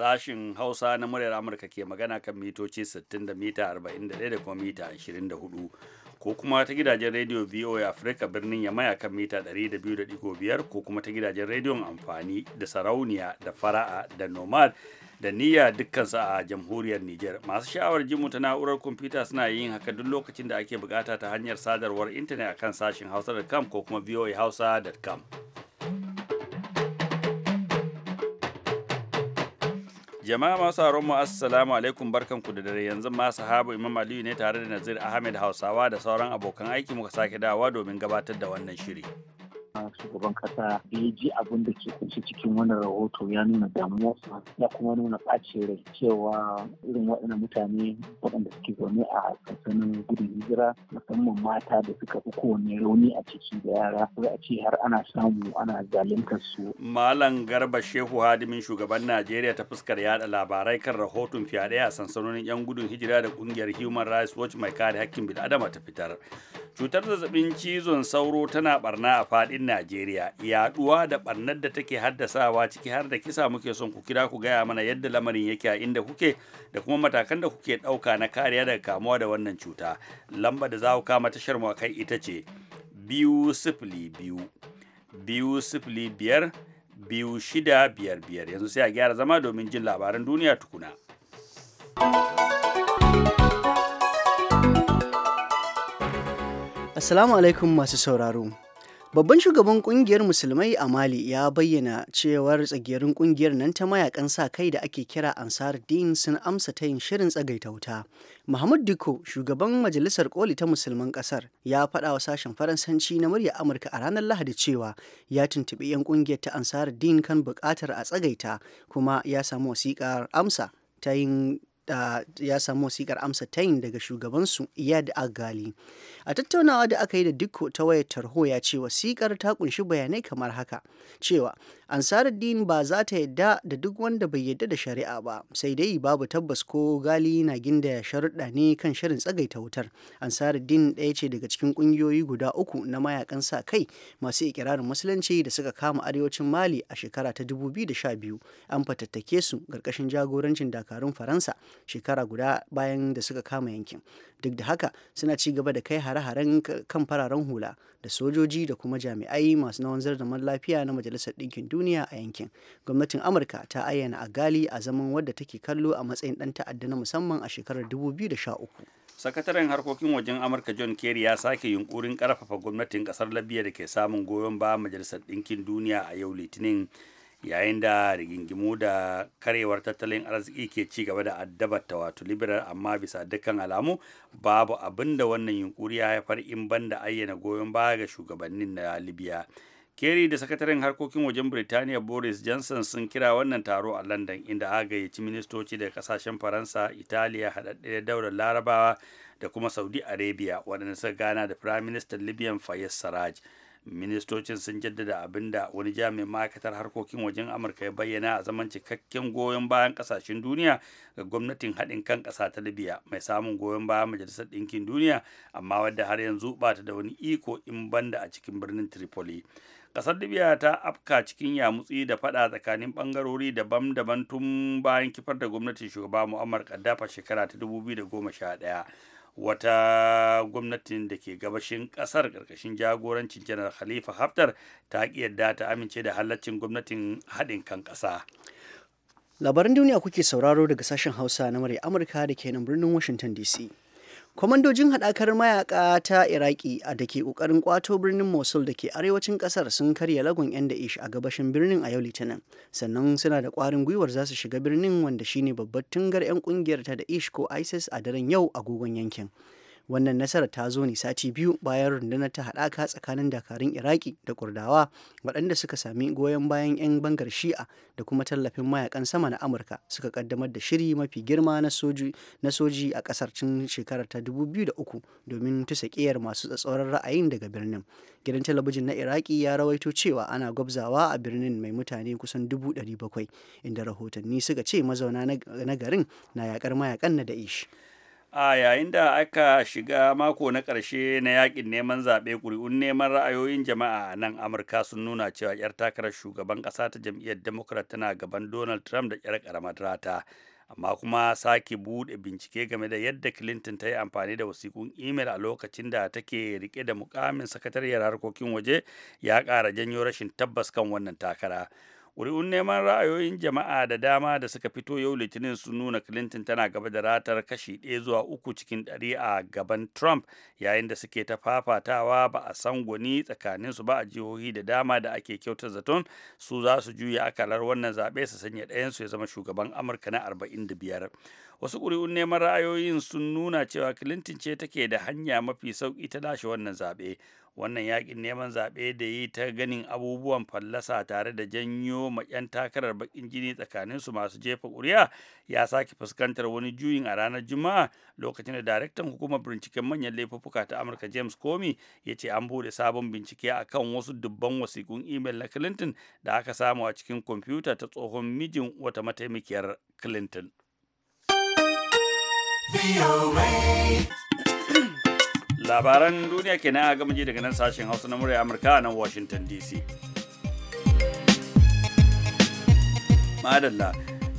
Sashin Hausa na muryar Amurka ke magana kan mitoci 60 da mita 41 da kuma mita 24. Ko kuma ta gidajen rediyo VOA afirka birnin Yamaya kan mita 200.5 ko kuma ta gidajen rediyon amfani da sarauniya da fara'a da nomad da niyya dukkansu a jamhuriyar Nijar. Masu sha'awar jimu ta na'urar kwamfuta suna yin haka duk lokacin da ake bukata ta hanyar sadarwar intanet akan sashin hausa.com ko kuma voahausa.com. Jama'a masu haron mu assalamu alaikum barkanku da dare yanzu ma sahaba Imam Aliyu ne tare da Nazir Ahmed Hausawa da sauran abokan aiki muka sake dawa domin gabatar da wannan shiri. shugaban kasa da ya ji abin da ke kunshi cikin wannan rahoto ya nuna damuwa ya kuma nuna ɓacin rai cewa irin waɗannan mutane waɗanda suke zaune a sansanin gudun hijira musamman mata da suka fi kowane rauni a ciki da yara ko a ce har ana samu ana zaluntar su. Malam Garba Shehu Hadimin shugaban Najeriya ta fuskar yada labarai kan rahoton fyaɗe a sansanonin 'yan gudun hijira da ƙungiyar Human Rights Watch mai kare hakkin bil'adama ta fitar. Cutar zazzabin cizon sauro tana barna a faɗin in Najeriya yaduwa da barnar da take haddasawa ciki har da kisa muke son ku kira ku gaya mana yadda lamarin yake a inda kuke da kuma matakan da kuke ɗauka na kariya daga kamuwa da wannan cuta lamba da za ku kama tashar mu kai ita ce biyu sifili biyu biyu sifili biyar biyu shida biyar biyar yanzu sai a gyara zama domin jin labaran duniya tukuna. Assalamu alaikum masu sauraro. Babban shugaban kungiyar Musulmai a Mali ya bayyana cewar tsagerin kungiyar nan ta mayakan sa kai da ake kira Ansar Din sun amsa ta yin shirin tsagaita wuta. Muhammad Diko, shugaban Majalisar Koli ta Musulman kasar, ya faɗa wa sashen Faransanci na murya Amurka a ranar Lahadi cewa ya tuntuɓi 'yan kungiyar ta Ansar Din kan buƙatar a tsagaita kuma ya samu wasiƙar amsa ta yin ya samu wasikar amsa tayin daga shugabansu iyad agali a tattaunawa da aka yi da duk ta wayar tarho ya ce wasikar ta kunshi bayanai kamar haka cewa ansaruddin ba za ta yadda da duk wanda bai yadda da shari'a ba sai dai babu tabbas ko gali na ginda sharuɗa ne kan shirin tsagaita wutar ansaruddin ɗaya ce daga cikin ƙungiyoyi guda uku na mayakan sa kai masu ikirarin musulunci da suka kama arewacin mali a shekara ta 2012 an fatattake su ƙarƙashin jagorancin dakarun faransa shekara guda bayan da suka kama yankin duk da haka suna ci gaba da kai hare-haren kan fararen hula da sojoji da kuma jami'ai masu na wanzar lafiya na majalisar ɗinkin duniya duniya a yankin gwamnatin amurka ta ayyana a gali a zaman wadda take kallo a matsayin ɗan ta'adda na musamman a shekarar 2013 sakataren harkokin wajen amurka john kerry ya sake yunkurin karfafa gwamnatin kasar labiya da ke samun goyon ba majalisar ɗinkin duniya a yau litinin yayin da rigingimu da karewar tattalin arziki ke ci gaba da addabarta wato liberal amma bisa dukkan alamu babu abin da wannan yunkuri ya haifar in banda ayyana goyon baya ga shugabannin na libya Kerry da sakataren harkokin wajen Birtaniya Boris Johnson sun kira wannan taro a London inda a gayyaci ministoci daga kasashen Faransa, Italiya, haɗaɗɗiyar daular Larabawa da kuma Saudi Arabia waɗanda suka gana da Prime Minister Libyan Fayez Sarraj. ministocin sun jaddada abin da wani jami'in ma'aikatar harkokin wajen amurka ya bayyana a zaman cikakken goyon bayan kasashen duniya ga gwamnatin haɗin kan ƙasa ta libya mai samun goyon bayan majalisar ɗinkin duniya amma wadda har yanzu ba ta da wani iko in banda a cikin birnin tripoli ƙasar libya ta afka cikin yamutsi da fada tsakanin ɓangarori daban-daban tun bayan kifar da gwamnatin shugaba muammar kaddafa shekara ta 2011 wata gwamnatin da ke gabashin kasar karkashin jagorancin janar khalifa haftar ta ƙi yadda ta amince da halaccin gwamnatin haɗin kan ƙasa labaran duniya kuke sauraro daga sashen hausa na murya amurka da ke nan birnin washington dc kwamandojin haɗakar mayaka ta iraki a da ke ƙoƙarin ƙwato birnin mosul da ke arewacin ƙasar sun karya lagon 'yan da'ish a gabashin birnin a yau litinin sannan suna da ƙwarin gwiwar za su shiga birnin wanda shine babbar tungar 'yan ƙungiyar ta da'ish ko isis a daren yau agogon yankin wannan nasarar ta zo ne sati biyu bayan rundunar ta haɗaka tsakanin dakarun iraki da kurdawa waɗanda suka sami goyon bayan 'yan bangar shi'a da kuma tallafin mayakan sama na amurka suka kaddamar da shiri mafi girma na soji a ƙasar tun shekarar ta 2003 domin tusa ƙiyar masu tsatsauran ra'ayin daga birnin gidan talabijin na iraki ya rawaito cewa ana gwabzawa a birnin mai mutane kusan 700 inda rahotanni suka ce mazauna na garin na yakar mayakan na da'ish a yayin da aka shiga mako na ƙarshe na yakin neman zaɓe ƙuri'un neman ra'ayoyin jama'a a nan amurka sun nuna cewa 'yar takarar shugaban ƙasa ta jam'iyyar democrat tana gaban donald trump da 'yar ƙaramar rata amma kuma sake buɗe bincike game da yadda clinton ta yi amfani da wasiƙun imel a lokacin da take rike da mukamin sakatariyar harkokin waje ya ƙara janyo rashin tabbas kan wannan takara ƙuri'un neman ra'ayoyin jama'a da dama da suka fito yau litinin sun nuna clinton tana gaba da ratar kashi ɗaya zuwa uku cikin ɗari a gaban trump yayin da suke ta fafatawa ba a san gwani tsakaninsu ba a jihohi da dama da ake kyautar zaton su za su juya akalar wannan zaɓe su sanya su ya zama shugaban amurka na 45 wasu ƙuri'un neman ra'ayoyin sun nuna cewa clinton ce take da hanya mafi sauƙi ta lashe wannan zaɓe wannan yakin neman zaɓe da yi ta ganin abubuwan fallasa tare da janyo ma 'yan takarar bakin jini tsakaninsu masu jefa ƙuri'a ya sake fuskantar wani juyin a ranar juma'a lokacin da daraktan hukumar binciken manyan laifuffuka ta amurka james comey ya ce an buɗe sabon bincike a kan wasu dubban wasikun imel na clinton da aka samu a cikin kwamfuta ta tsohon mijin wata mataimakiyar clinton. labaran duniya kenan a gama ji daga nan sashen hausa na murya amurka nan washington dc madalla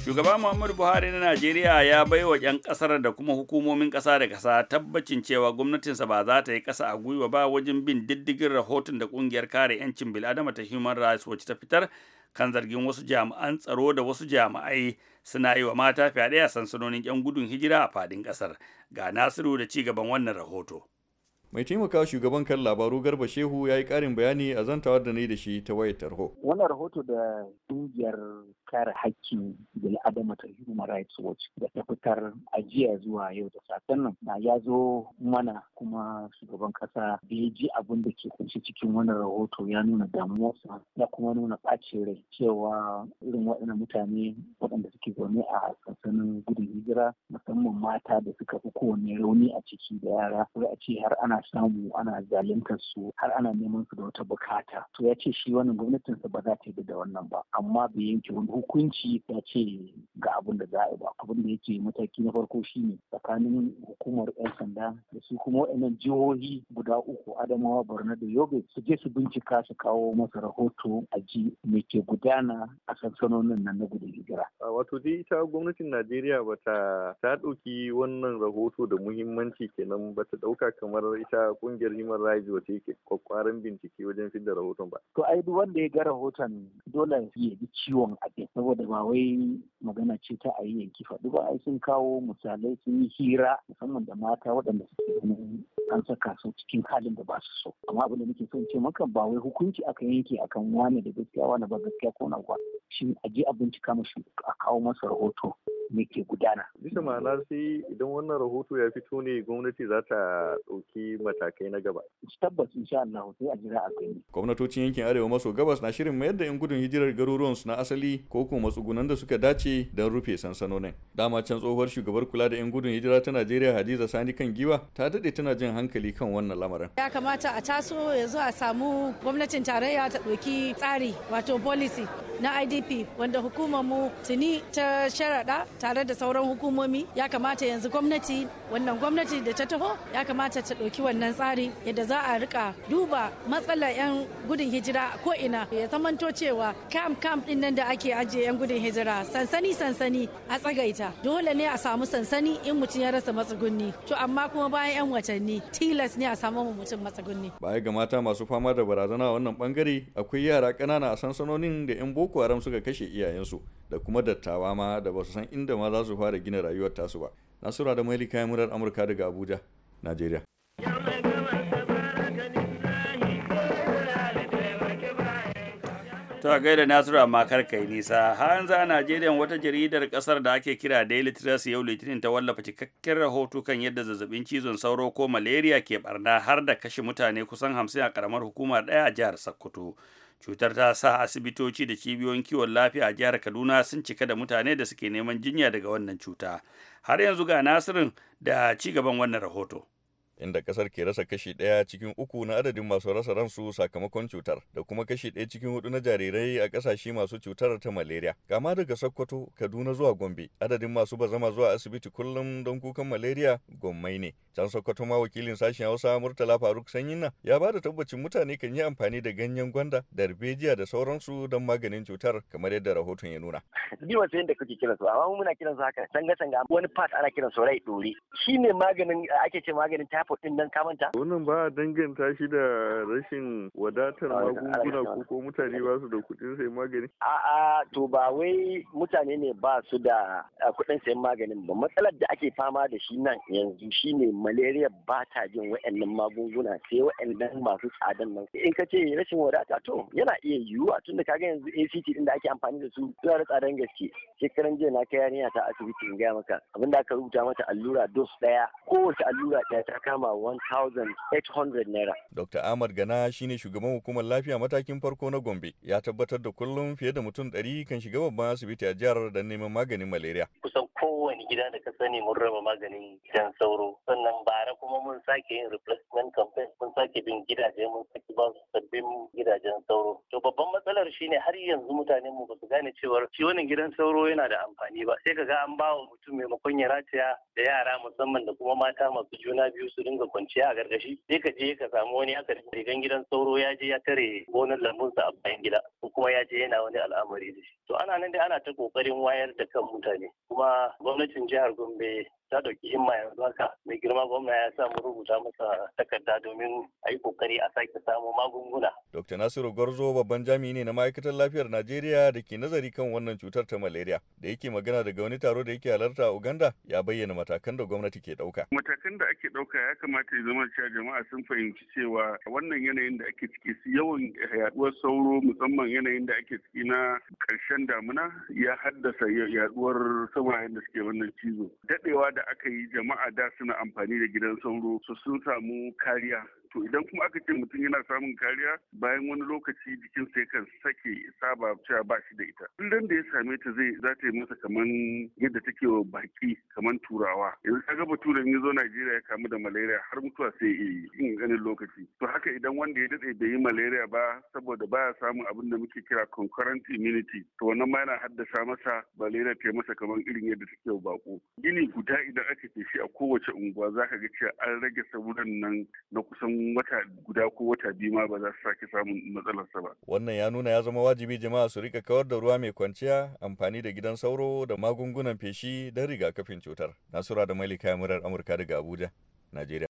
shugaba muhammadu buhari na najeriya ya bai wa 'yan kasar da kuma hukumomin kasa da kasa tabbacin cewa gwamnatinsa ba za ta yi kasa a gwiwa ba wajen bin diddigin rahoton da kungiyar kare 'yancin bil'adama ta human rights watch ta fitar kan zargin wasu jami'an tsaro da wasu jami'ai suna yi wa mata fyaɗe a sansanonin 'yan gudun hijira a fadin kasar ga nasiru da ci gaban wannan rahoto mai taimaka shugaban kan labaru garba shehu ya yi karin bayani a zantawar da ni da shi ta wayar tarho wannan rahoto da kungiyar kare hakkin adama ta Human Rights Watch da ta fitar ajiya zuwa yau da safen nan na ya zo mana kuma shugaban kasa da ya ji abin da ke kunshi cikin wannan rahoto ya nuna damuwarsa ya kuma nuna ɓacin rai cewa irin waɗannan mutane waɗanda suke zaune a sansanin gudun hijira musamman mata da suka fi kowane rauni a ciki da yara sai a ce har ana samu ana zaluntar su har ana neman su da wata bukata to ya ce shi wannan gwamnatinsa ba za ta yi da wannan ba amma bai yanke wani hukunci ta ce ga abin da za a yi ba abin da yake mataki na farko shine tsakanin hukumar 'yan sanda da su kuma waɗannan jihohi guda uku adamawa borno da yobe su je su bincika su kawo masa rahoto a ji me ke gudana a sansanonin nan na gudun hijira. wato dai ita gwamnatin najeriya ba ta ta ɗauki wannan rahoto da muhimmanci kenan ba ta ɗauka kamar ita ƙungiyar human rights wata yake kwakwaran bincike wajen fidda rahoton ba. to ai duk wanda ya ga rahoton dole ya bi ciwon abin saboda ba wai magana ce ta a yi yanki faɗi ba ai sun kawo misalai sun yi hira musamman da mata waɗanda suke ganin an saka su cikin halin da ba su so amma abin da nake so in ce maka ba wai hukunci aka yanke akan wani da gaskiya wani ba gaskiya ko na shi a je a bincika a kawo masa rahoto me ke gudana. Bisa ma'ana sai idan wannan rahoto ya fito ne gwamnati za ta ɗauki matakai na gaba. Tabbas insha Allah sai a jira a gani. Gwamnatocin yankin Arewa maso gabas na shirin mayar da 'yan gudun hijirar garuruwan su na asali ko kuma matsugunan da suka dace don rufe sansanonin. Dama can tsohuwar shugabar kula da 'yan gudun hijira ta Najeriya Hadiza Sani kan giwa ta daɗe tana jin hankali kan wannan lamarin. Ya kamata a taso yanzu a samu gwamnatin tarayya ta ɗauki tsari wato policy na ID NDP wanda hukumar mu tuni ta sharaɗa tare da sauran hukumomi ya kamata yanzu gwamnati wannan gwamnati da ta taho ya kamata ta ɗauki wannan tsari yadda za a rika duba matsalar 'yan gudun hijira ko ina ya zamanto cewa camp camp din nan da ake ajiye 'yan gudun hijira sansani sansani a tsagaita dole ne a samu sansani in mutum ya rasa matsugunni to amma kuma bayan 'yan watanni tilas ne a samu mutum matsugunni ba ga mata masu fama da barazana wannan bangare akwai yara ƙanana a sansanonin da 'yan boko haram su suka kashe iyayensu da kuma dattawa ma da ba su san inda ma za su fara gina rayuwar tasu ba nasura da mailika ya murar amurka daga abuja najeriya ta gaida nasiru amma makar kai nisa har za a najeriya wata jaridar kasar da ake kira daily trust yau litinin ta wallafa cikakken rahoto kan yadda zazzabin cizon sauro ko malaria ke barna har da kashe mutane kusan hamsin a karamar hukumar daya a jihar sokoto cutar ta sa asibitoci da cibiyoyin kiwon lafiya a jihar kaduna sun cika da mutane da suke neman jinya daga wannan cuta har yanzu ga nasirin da ci gaban wannan rahoto inda kasar ke rasa kashi ɗaya cikin uku na adadin masu rasa ransu sakamakon cutar da kuma kashi ɗaya cikin hudu na jarirai a ƙasashe masu cutar ta malaria kama daga sokoto kaduna zuwa gombe adadin masu bazama zuwa asibiti kullum don kukan malaria gommai ne can sokoto ma wakilin sashen hausa murtala faruk sanyinna ya ba da tabbacin mutane kan yi amfani da ganyen gwanda darbejiya da sauransu don maganin cutar kamar yadda rahoton ya nuna. Ni wasu yadda kuke kiran su amma muna kiran su haka wani part ana kiran su rai shi shine maganin ake ce maganin typhoid kuɗin nan ka manta wannan ba danganta shi da rashin wadatar magunguna ko ko mutane ba su da kuɗin sayan magani a'a to ba wai mutane ne ba su da kuɗin sayan maganin ba matsalar da ake fama da shi nan yanzu shi ne malaria ba ta jin wa'annan magunguna sai wa'annan masu tsadan nan in ka ce rashin wadata to yana iya yiwuwa tun da kaga yanzu ACT din da ake amfani da su suna da tsadan gaske shekaran jiya na kai yarinya ta asibiti in gaya maka abinda aka rubuta mata allura dos daya kowace allura ɗaya ta kama sama 1,800 naira. Dr. Ahmad Gana shine shugaban hukumar lafiya matakin farko na Gombe ya tabbatar da kullum fiye da mutum 100 kan shiga babban asibiti a jihar don neman maganin malaria. Kusan kowane gida da ka sani mun raba maganin gidan sauro sannan bara kuma mun sake yin replacement campaign mun sake bin gidaje mun sake ba su sabbin gidajen sauro. To babban matsalar shine har yanzu mutanen mu ba su gane cewa shi wannan gidan sauro yana da amfani ba sai ka ga an ba wa mutum maimakon ya rataya da yara musamman da kuma mata masu juna biyu su su dinga kwanciya a gargashi sai ka je ka samu wani aka rigan gidan sauro ya je ya tare gonar lambunsa a bayan gida ko kuma ya je yana wani al'amari da shi to ana nan dai ana ta kokarin wayar da kan mutane kuma gwamnatin jihar Gombe ta dauki himma yanzu haka mai girma gwamna ya sa samu rubuta masa takarda domin a yi kokari a sake samu magunguna. Dr. Nasiru Gwarzo babban jami'i ne na ma'aikatar lafiyar Najeriya da ke nazari kan wannan cutar ta malaria da yake magana daga wani taro da yake halarta a Uganda ya bayyana matakan da gwamnati ke dauka. Matakan da ake dauka ya kamata ya zama cewa jama'a sun fahimci cewa wannan yanayin da ake ciki su yawan yaduwar sauro musamman yanayin da ake ciki na karshen damuna ya haddasa yaduwar samayen da suke wannan cizo. Dadewa da da aka yi jama'a da suna amfani da gidan sauro su sun samu kariya to idan kuma aka ce mutum yana samun kariya bayan wani lokaci jikin sai kan sake saba cewa ba shi da ita dan da ya same ta zai za ta yi masa kaman yadda take wa baki kaman turawa yanzu ka ga baturen ya zo Najeriya ya kamu da malaria har mutuwa sai yi in ganin lokaci to haka idan wanda ya dade bai yi malaria ba saboda baya samun abin da muke kira concurrent immunity to wannan ma yana haddasa masa malaria ta masa kaman irin yadda take wa bako gini guda idan aka feshi a kowace unguwa za ka ga cewa an rage sauran nan na kusan wata guda ko wata biyu ma ba za su sake samun matsalarsa ba. Wannan ya nuna ya zama wajibi jama'a su rika kawar da ruwa mai kwanciya amfani da gidan sauro da magungunan feshi don rigakafin cutar. Nasura da Malika Murar Amurka daga Abuja, Najeriya.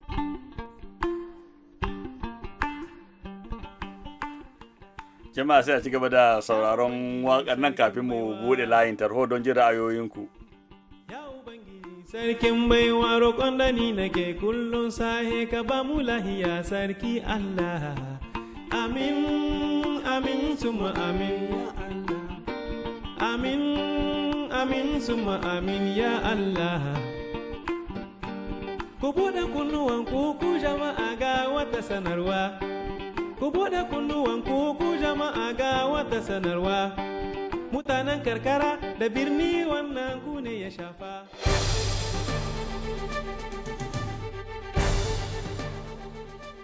jama'a sai a ci gaba da sauraron waƙar nan kafin mu buɗe layin tarho don jin ra'ayoyinku. Sarkin baiwa roƙon da ni nake kullum sahe ka ba mu lahiya sarki Allah. Amin, amin, suma amin, ya Allah. Amin, amin, suma amin, ya Allah. Ku buɗe kunnuwan ku jama'a ga wata sanarwa. Ku buɗe kunnuwan ku jama'a ga wata sanarwa. Mutanen karkara da birni wannan ku ne ya shafa.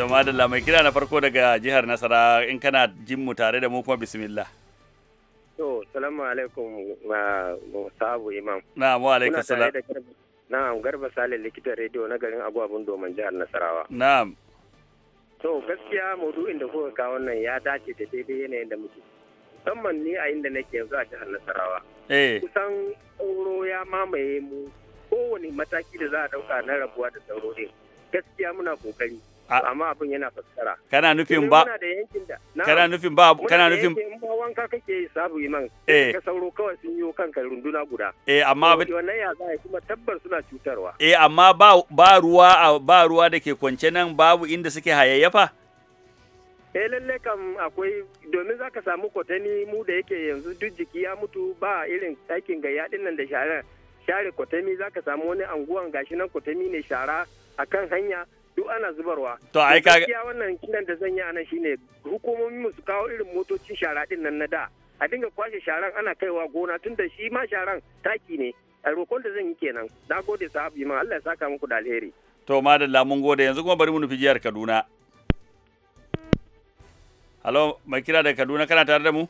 da madalla mai kira na farko daga jihar nasara in kana jin mu tare da mu kuma bismillah to salamu alaikum sabu imam na mu alaikum salam na'am garba sale likitan radio na garin agwabun domin jihar nasarawa na'am to gaskiya maudu'in da kuka kawo wannan ya dace da daidai yanayin da muke musamman ni a inda nake yanzu a jihar nasarawa eh. kusan tsoro ya mamaye mu kowane mataki da za a dauka na rabuwa da tsaro ne gaskiya muna kokari amma abin yana fassara kana nufin ba kana nufin ba kana nufin ba wanka kake sabu iman eh ka sauro kawai sun yi kanka runduna guda eh amma wannan ya za kuma tabbar suna cutarwa eh amma ba ba ruwa ba ruwa da ke kwance nan babu inda suke hayayyafa eh lalle kam akwai domin za ka samu kwatani mu da yake yanzu duk jiki ya mutu ba irin aikin gayya din nan da share share kwatami za ka samu wani anguwan gashi nan kwatami ne shara akan hanya ana zubarwa to ai kaga gaskiya wannan kinan da zan yi anan shine hukumomin mu su kawo irin motocin shara din nan na da a dinga kwashe sharan ana kaiwa gona tunda shi ma sharan taki ne a rokon da zan yi kenan na gode sahabi ma Allah ya saka muku da alheri to madalla mun gode yanzu kuma bari mu nufi jihar Kaduna Halo mai kira da Kaduna kana tare da mu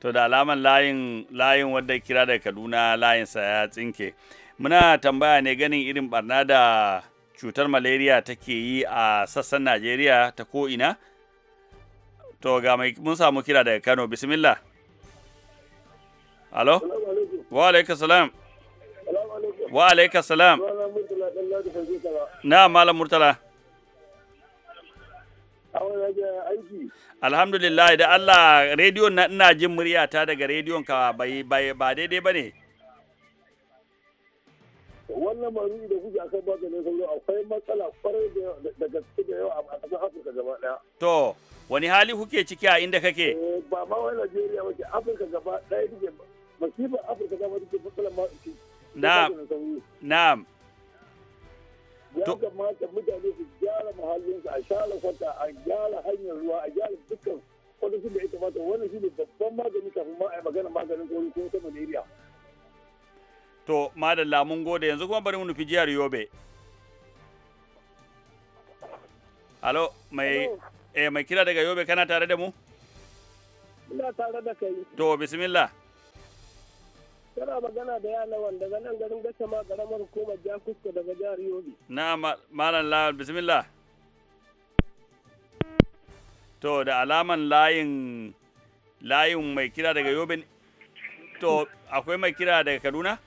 to da alaman layin layin wanda kira da Kaduna layin sa ya tsinke muna tambaya ne ganin irin barna da cutar malaria take yi a sassan najeriya ta ko'ina to ga mai mun samu kira daga kano bismillah alo wa alaika salam wa alaika salam na malam murtala alhamdulillah da allah rediyon na ina jin muryata daga rediyon ka ba daidai ba ne wannan maruri da kuke akan maganin sauro akwai matsala kwarai da gaske da yawa a ƙasar afirka gaba ɗaya. to wani hali kuke ciki a inda kake. Eh, ba ma wai najeriya ba ke afirka gaba ɗaya take masifar afirka gaba take matsalar ma na'am na'am ya kamata mutane su gyara muhallinsu a share kwata a gyara hanyar ruwa a gyara dukkan kwanakin da ya kamata wannan shi ne babban magani kafin ma a yi magana maganin sauro ko da iriya. To, madalla mun gode yanzu kuma bari mu nufi jihar Yobe. Alo, mai eh mai kira daga Yobe kana tare da mu? Ina tare da kai. To, bismillah. Kana magana da yana wanda daga nan garin gasa ma garamar karamar ja Jakusko daga jihar Yobe. Na malam la bismillah. To, da alaman layin layin mai kira daga Yobe to akwai mai kira daga Kaduna?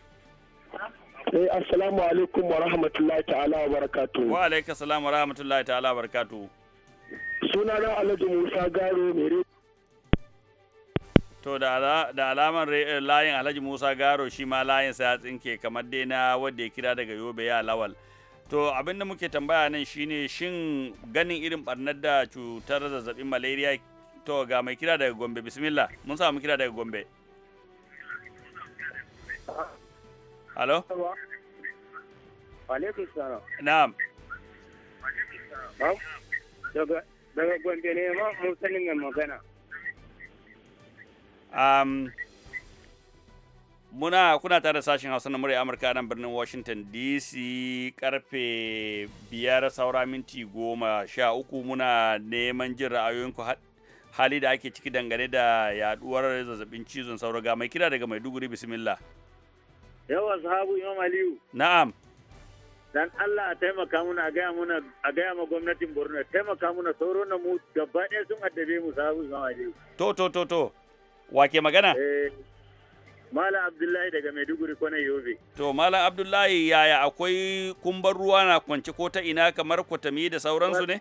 Eh assalamu alaikum wa rahmatullahi ta'ala wa barakatu. Wa alaikum salam wa rahmatullahi ta'ala wa barakatu. Suna na Alhaji Musa Garo mere. To da alamar eh, layin Alhaji Musa Garo shi ma layin sa ya tsinke kamar dai na wanda ya kira daga Yobe ya lawal. To abin da muke tambaya nan shine shin ganin irin barnar da cutar zazzabin malaria to ga mai kira daga Gombe bismillah mun samu kira daga Gombe. Alo? Alaikum muna kuna tare da sashen Hausa na murya Amurka nan birnin Washington DC karfe biyar saura minti goma sha uku muna neman jin ra'ayoyinku hali da ake ciki dangane da yaduwar zazzabin cizon sauro ga mai kira daga Maiduguri bismillah. Yawa sahabu Imam Aliyu. Na'am. Dan Allah a taimaka muna a gaya ma gwamnatin Borno taimaka muna sauro na mu gaba ɗaya sun addabe mu sahabu Imam Aliyu. To to to to. Wa ke magana? Eh, Mala Abdullahi daga Maiduguri na Yobe. To Mala Abdullahi yaya akwai kumbar ruwa na kwance ko ta ina kamar kwatami da sauransu ne?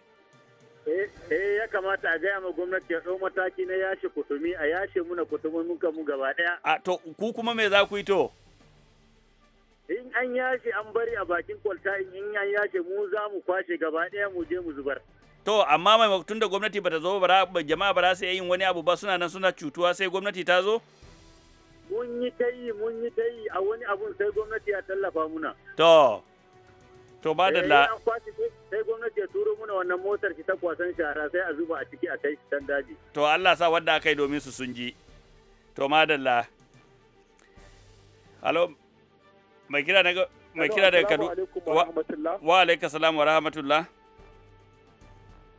Eh, eh ya kamata a gaya ma gwamnati ya ɗau mataki na yashe kutumi a yashe muna kutumin muka mu gaba ɗaya. A to ku kuma me za ku yi to? in an yashe an bari a bakin kwalta in an yashe mu za mu kwashe gaba ɗaya mu je mu zubar to amma mai tun da gwamnati bata zo ba jama'a ba za su yin wani abu ba suna nan suna cutuwa sai gwamnati ta zo mun yi ta yi mun yi ta yi a wani abun sai gwamnati ya tallafa muna to to ba da la eh, sai gwamnati ya turo muna wannan motar ki ta kwasan shara sai a zuba a ciki a kai can daji to Allah sa wanda aka yi domin su sun ji to madalla alo mai kira daga mai kira daga Kaduna wa alaika salam wa rahmatullah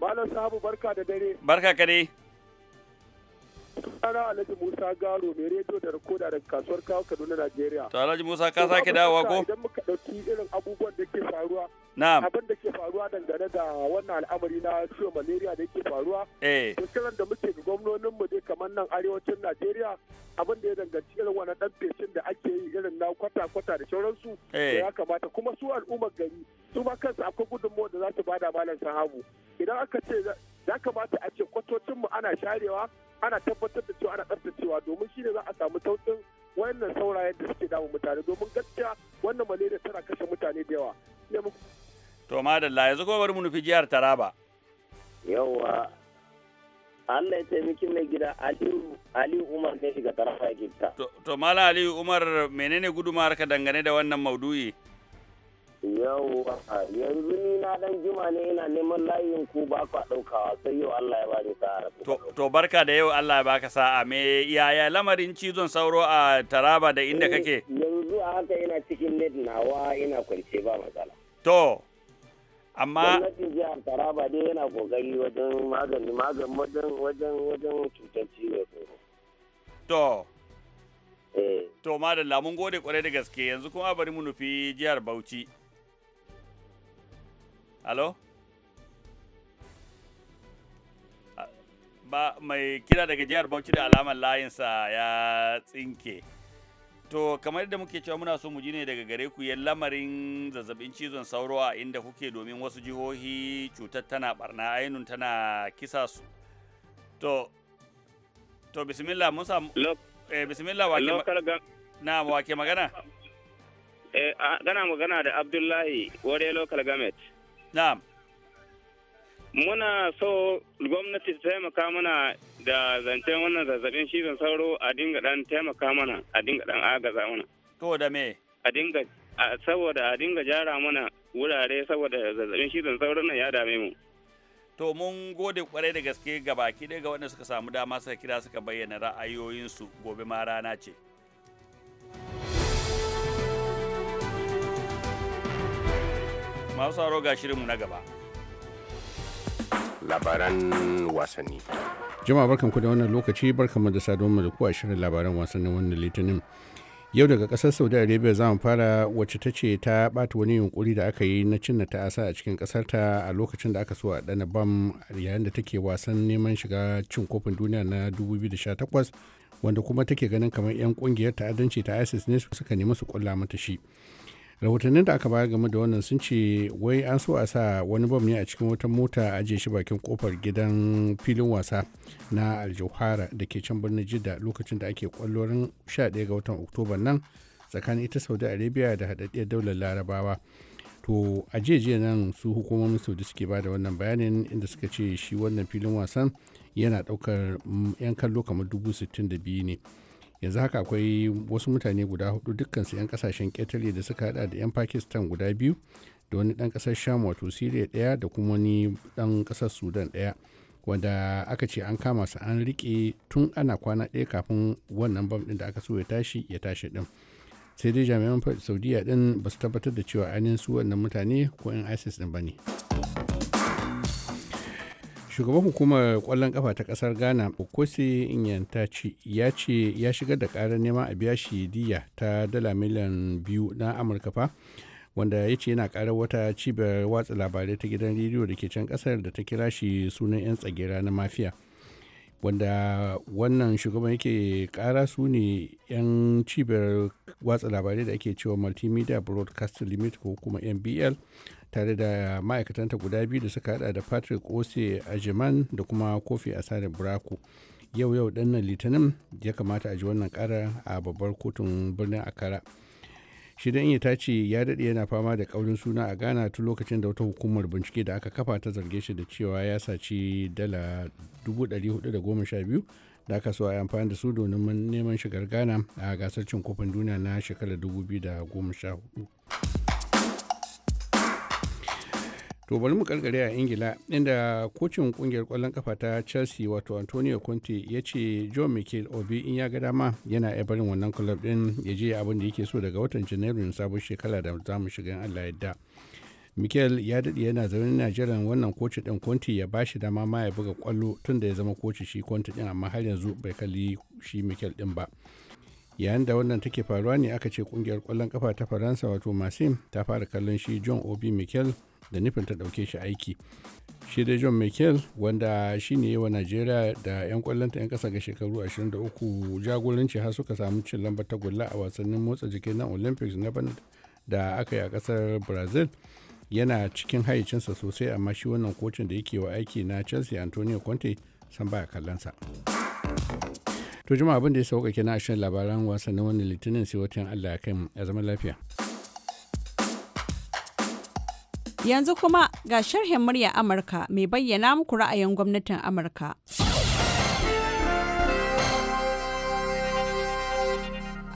malam sahabu barka da dare barka ka dai Sunana Alhaji Musa Garo mai rediyo da rikoda daga kasuwar kawo Kaduna Najeriya. To Alhaji Musa ka sake dawowa ko? Idan muka ɗauki irin abubuwan da ke faruwa. Na'am. Abin da ke faruwa dangane da wannan al'amari na ciwon malaria da ke faruwa. Eh. Kiran da muke ga gwamnonin mu dai kamar nan arewacin Najeriya abin da ya danganci irin wannan dan feshin da ake yi irin na kwata-kwata da sauransu. Eh. Ya kamata kuma su al'ummar gari su ma kansu akwai gudunmawar da za su bada malam sahabu. Idan aka ce ya kamata a ce kwatocinmu ana sharewa ana tabbatar da cewa ana tsaftacewa domin shi ne za a samu sauƙin wannan saurayen da suke damun mutane domin gaskiya wannan malaria tana kashe mutane da yawa. To madalla yanzu kuma bari mu nufi jihar Taraba. Yawwa Allah ya taimaki mai gida Aliyu Aliyu Umar ne shiga Taraba ya gita. To Malam Aliyu Umar menene gudumar ka dangane da wannan maudu'i? yawwa yanzu ni na dan juma ne ina neman layin ku ba ku daukawa sai yau Allah ya bani sa'a to barka da yau Allah ya baka sa'a me yaya lamarin cizon sauro a Taraba da inda eh, kake yanzu a haka ina cikin net nawa ina kwance ba matsala to amma gwamnatin jihar Taraba dai yana kokari wajen magani magani wajen wajen wajen cutar cizon sauro to eh. To, madalla mun gode kwarai da gaske yanzu kuma bari mu nufi jihar Bauchi. Alo? Ba mai kira daga jihar Bauchi da alamar layinsa ya tsinke. To, kamar da muke cewa muna so mu ji ne daga gare ku yan lamarin zazzabin cizon sauro a inda kuke domin wasu jihohi cutar tana barna ainun tana kisa su. To, to bismillah mun samu. Eh, bismillah wake na wake magana? Eh, gana magana da Abdullahi, Ware Local gamet. na'am muna so gwamnati ta taimaka mana da zancen wannan zazzabin cizon sauro a dinga dan taimaka mana a dinga dan agaza mana to da me a dinga saboda a dinga jara mana wurare saboda zazzabin cizon sauro nan ya dame mu to mun gode kwarai da gaske ga baki daga ga wanda suka samu dama suka kira suka bayyana ra'ayoyinsu gobe ma rana ce masu tsaro ga shirinmu na gaba labaran wasanni jama'a ku da wannan lokaci barkanmu da mu da ku a shirin labaran wasannin wannan litinin yau daga kasar saudi arabia za mu fara wacce ta ce ta bata wani yunkuri da aka yi na cinna ta asa a cikin kasar ta a lokacin da aka so a dana bam yayin da take wasan neman shiga cin kofin duniya na 2018 wanda kuma take ganin kamar 'yan kungiyar ta'addanci ta isis ne suka nemi su kulla mata shi rahotannin da aka bayar game da wannan sun ce wai an so a sa wani bam ne a cikin wata mota ajiye shi bakin kofar gidan filin wasa na aljauhara da ke can birnin jidda lokacin da ake kwallorin 11 ga watan oktoba nan tsakanin ita saudi arabia da haɗaɗɗiyar daular larabawa to a jiya nan su hukumomin saudi suke ba da wannan bayanin inda suka ce shi wannan filin wasan yana ɗaukar mm, 'yan kallo kamar dubu ne yanzu haka akwai wasu mutane guda hudu dukkansu 'yan kasashen ƙetare da suka hada da 'yan pakistan guda biyu da wani ɗan kasar sham wato syria ɗaya da kuma wani ɗan kasar sudan daya wanda aka ce an kama su an rike tun ana kwana daya kafin wannan bam ɗin da aka so ya tashi ya tashi din sai dai jami'an saudiya din ba su tabbatar da cewa ainihin su wannan mutane ko 'yan isis din ba ne. shugaban hukumar kwallon kafa ta kasar ghana okosi inyantaci ya ce ya shigar da karar nema a biya shi diya ta dala miliyan biyu na amurka fa wanda ya ce yana karar wata cibiyar watsa labarai ta gidan rediyo da ke can kasar da ta kira shi sunan 'yan tsagera na mafiya wanda wannan shugaban yake kara su ne 'yan cibiyar watsa labarai da ake cewa multimedia broadcast limit ko kuma mbl tare da ma'aikatanta guda biyu da suka hada da patrick ose ajiman da kuma kofi asare buraku yau yau nan litinin ya kamata a ji wannan kara a babbar kotun birnin akara shi dan iya ta ce ya daɗe yana fama da ƙaurin suna a ghana tun lokacin da wata hukumar bincike da aka kafa ta zarge shi da cewa ya saci dala 412 da aka so a amfani da su domin neman shigar ghana a gasar cin kofin duniya na shekarar 2014 to bari mu karkare a ingila inda kocin kungiyar kwallon kafa ta chelsea wato antonio conte ya ce john michael obi in ya ga dama yana iya barin wannan club din ya je abin da yake so daga watan janairun sabon shekara da zamu mu shiga allah yadda michael ya daɗe yana zaune na jiran wannan koci din conte ya bashi dama ma ya buga kwallo tun da ya zama koci shi conte din amma har yanzu bai kalli shi michael din ba yayin da wannan take faruwa ne aka ce kungiyar kwallon kafa ta faransa wato masim ta fara kallon shi john obi michael da nufin ta ɗauke shi aiki shi da john mckill wanda shi ne wa najeriya da 'yan kwallonta 'yan ƙasa ga shekaru 23 jagoranci har suka samu cin lambar tagulla a wasannin motsa jiki na olympics na bana da aka yi a kasar brazil yana cikin haicinsa sosai amma shi wannan kocin da yake wa aiki na chelsea antonio conte san baya kallonsa to jima abin da ya sauka kenan a shan labaran wasannin wani litinin sai wata allah ya kai mu zaman lafiya Yanzu kuma ga sharhin murya Amurka mai bayyana muku ra'ayin gwamnatin Amurka.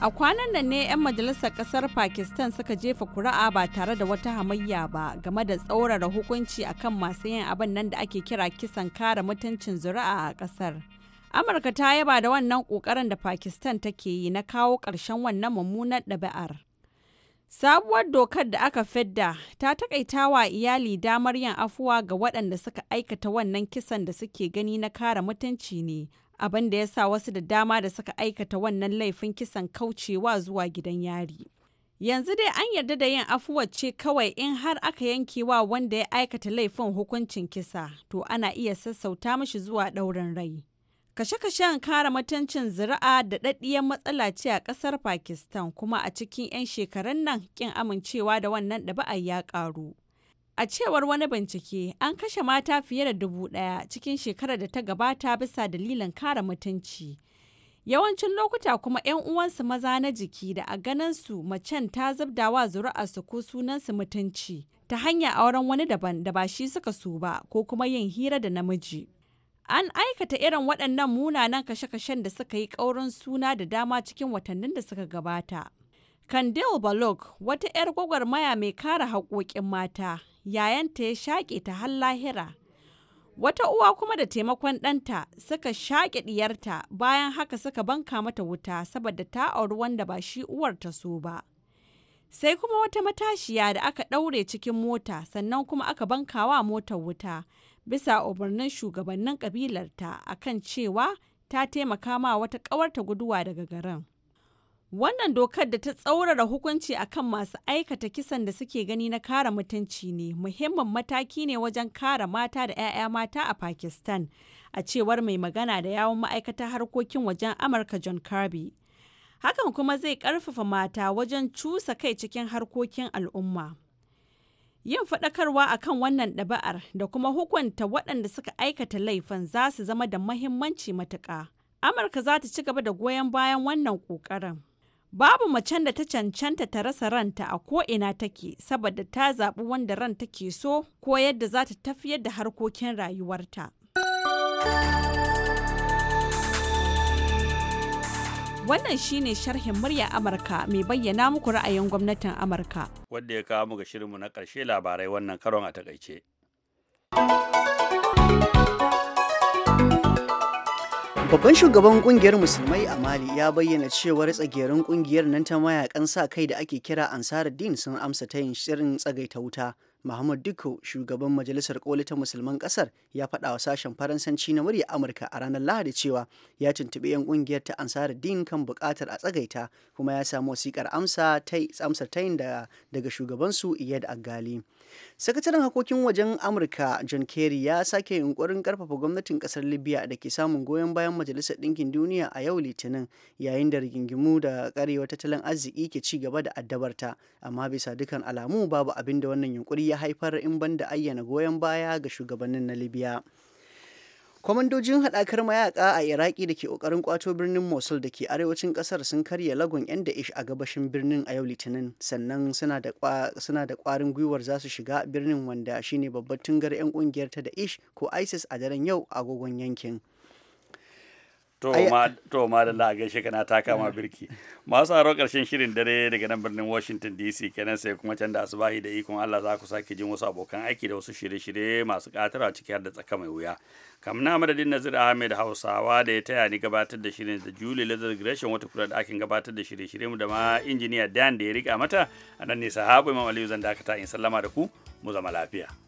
A kwanan nan ne 'yan majalisar kasar Pakistan suka jefa kura'a ba tare da wata hamayya ba game da tsaurara hukunci akan masu yin abin nan da ake kira kisan kare mutuncin zuri'a a kasar. Amurka ta yaba da wannan kokarin da Pakistan take yi na kawo ƙarshen wannan mummunar ɗabi'ar. Sabuwar dokar da aka fedda, ta takaita wa iyali damar yin afuwa ga waɗanda suka aikata wannan kisan da suke gani na kare mutunci ne, abin da ya sa wasu da dama da suka aikata wannan laifin kisan kaucewa zuwa gidan yari. Yanzu dai an yarda da yin afuwar ce kawai in har aka yanke wa wanda ya aikata laifin hukuncin kisa, to ana iya sassauta mashi zuwa ɗaurin rai. Kashe-kashen kare mutuncin zira'a da daɗiyar matsala ce a ƙasar Pakistan kuma a cikin 'yan shekarun nan ƙin amincewa da wannan ɗaba'ar ya ƙaru. A cewar wani bincike, an kashe mata fiye da dubu ɗaya cikin shekarar da ta gabata bisa dalilin kare mutunci. Yawancin lokuta kuma 'yan uwansu maza na jiki da a ganin su macen ta zubda wa zuri'a su ko sunan su mutunci ta hanyar auren wani daban da ba shi suka su ba ko kuma yin hira da namiji. An aikata irin waɗannan munanan kashe-kashen da suka yi ƙaurin suna da dama cikin watannin da suka gabata. Kandil Balog, wata 'yar gwagwarmaya mai kare haƙoƙin mata, yayanta ya shaƙe ta har lahira. Wata uwa kuma da taimakon ɗanta suka shaƙe ɗiyarta bayan haka suka banka mata wuta saboda ta auri wanda ba shi uwar ta so ba. Sai kuma wata matashiya da aka ɗaure cikin mota sannan kuma aka bankawa motar wuta. bisa umarnin shugabannin kabilarta akan cewa ta taimaka ma wata ƙawarta guduwa daga garin. Wannan dokar da ta tsaurara hukunci akan masu aikata kisan da suke gani na kare mutunci ne muhimmin mataki ne wajen kare mata da 'ya'ya mata a Pakistan, a cewar mai magana da yawon ma'aikatar harkokin wajen Amurka John Kirby. Hakan kuma zai ƙarfafa mata wajen cusa kai cikin harkokin al'umma. Yin faɗakarwa a kan wannan ɗaba'ar da kuma hukunta waɗanda suka aikata laifin za su zama da mahimmanci matuƙa. Amurka za ta ci gaba da goyon bayan wannan ƙoƙarin. Babu macen da ta cancanta ta rasa ranta a ko'ina take saboda ta zaɓi wanda ranta ke so ko yadda za ta tafiyar da harkokin rayuwarta. Wannan shine sharhin murya Amurka mai bayyana muku ra'ayin gwamnatin Amurka. Wadda ya kawo muga shirinmu na karshe labarai wannan karon a takaice. Babban shugaban kungiyar musulmai a Mali ya bayyana cewar tsagerin kungiyar nan ta mayakan sa kai da ake kira ansar din sun amsa ta yin shirin tsagaita wuta Muhammad Diko shugaban Majalisar ƙoli ta Musulman Ƙasar, ya faɗa wa sashen Faransanci na murya Amurka a ranar Lahadi cewa ya tuntuɓi 'yan ƙungiyar ta Din kan buƙatar a tsagaita kuma ya samu wasiƙar amsa ta amsar tayin daga shugabansu Iyad agali. sakataren harkokin wajen amurka john kerry ya sake yunkurin karfafa gwamnatin kasar libya da ke samun goyon bayan majalisar ɗinkin duniya a yau litinin yayin da rigingimu da karewa tattalin arziki ke ci gaba da addabarta amma bisa dukan alamu babu abin da wannan yunkuri ya haifar in banda ayyana goyon baya ga shugabannin na libya kwamandojin haɗakar mayaka a iraki da ke ƙoƙarin kwato birnin mosul da ke arewacin ƙasar sun karya lagon 'yan da'ish a gabashin birnin a yau litinin sannan suna da ƙwarin gwiwar za su shiga birnin wanda shine babbar tungar 'yan ƙungiyar ta da'ish ko isis a daren yau agogon yankin To ma da la gaishe kana ta kama birki. Masu aro karshen shirin dare daga nan birnin Washington DC kenan sai kuma can da asubahi da ikon Allah za ku sake jin wasu abokan aiki da wasu shirye-shirye masu katarwa ciki har da tsaka mai wuya. Kam na madadin Nazir Ahmed Hausawa da ya taya ni gabatar da shirin da Julie Lazar Gresham wata kula da akin gabatar da shirye-shirye mu da ma injiniya Dan da ya rika mata a nan ne sahabu Imam Aliyu zan dakata in sallama da ku mu zama lafiya.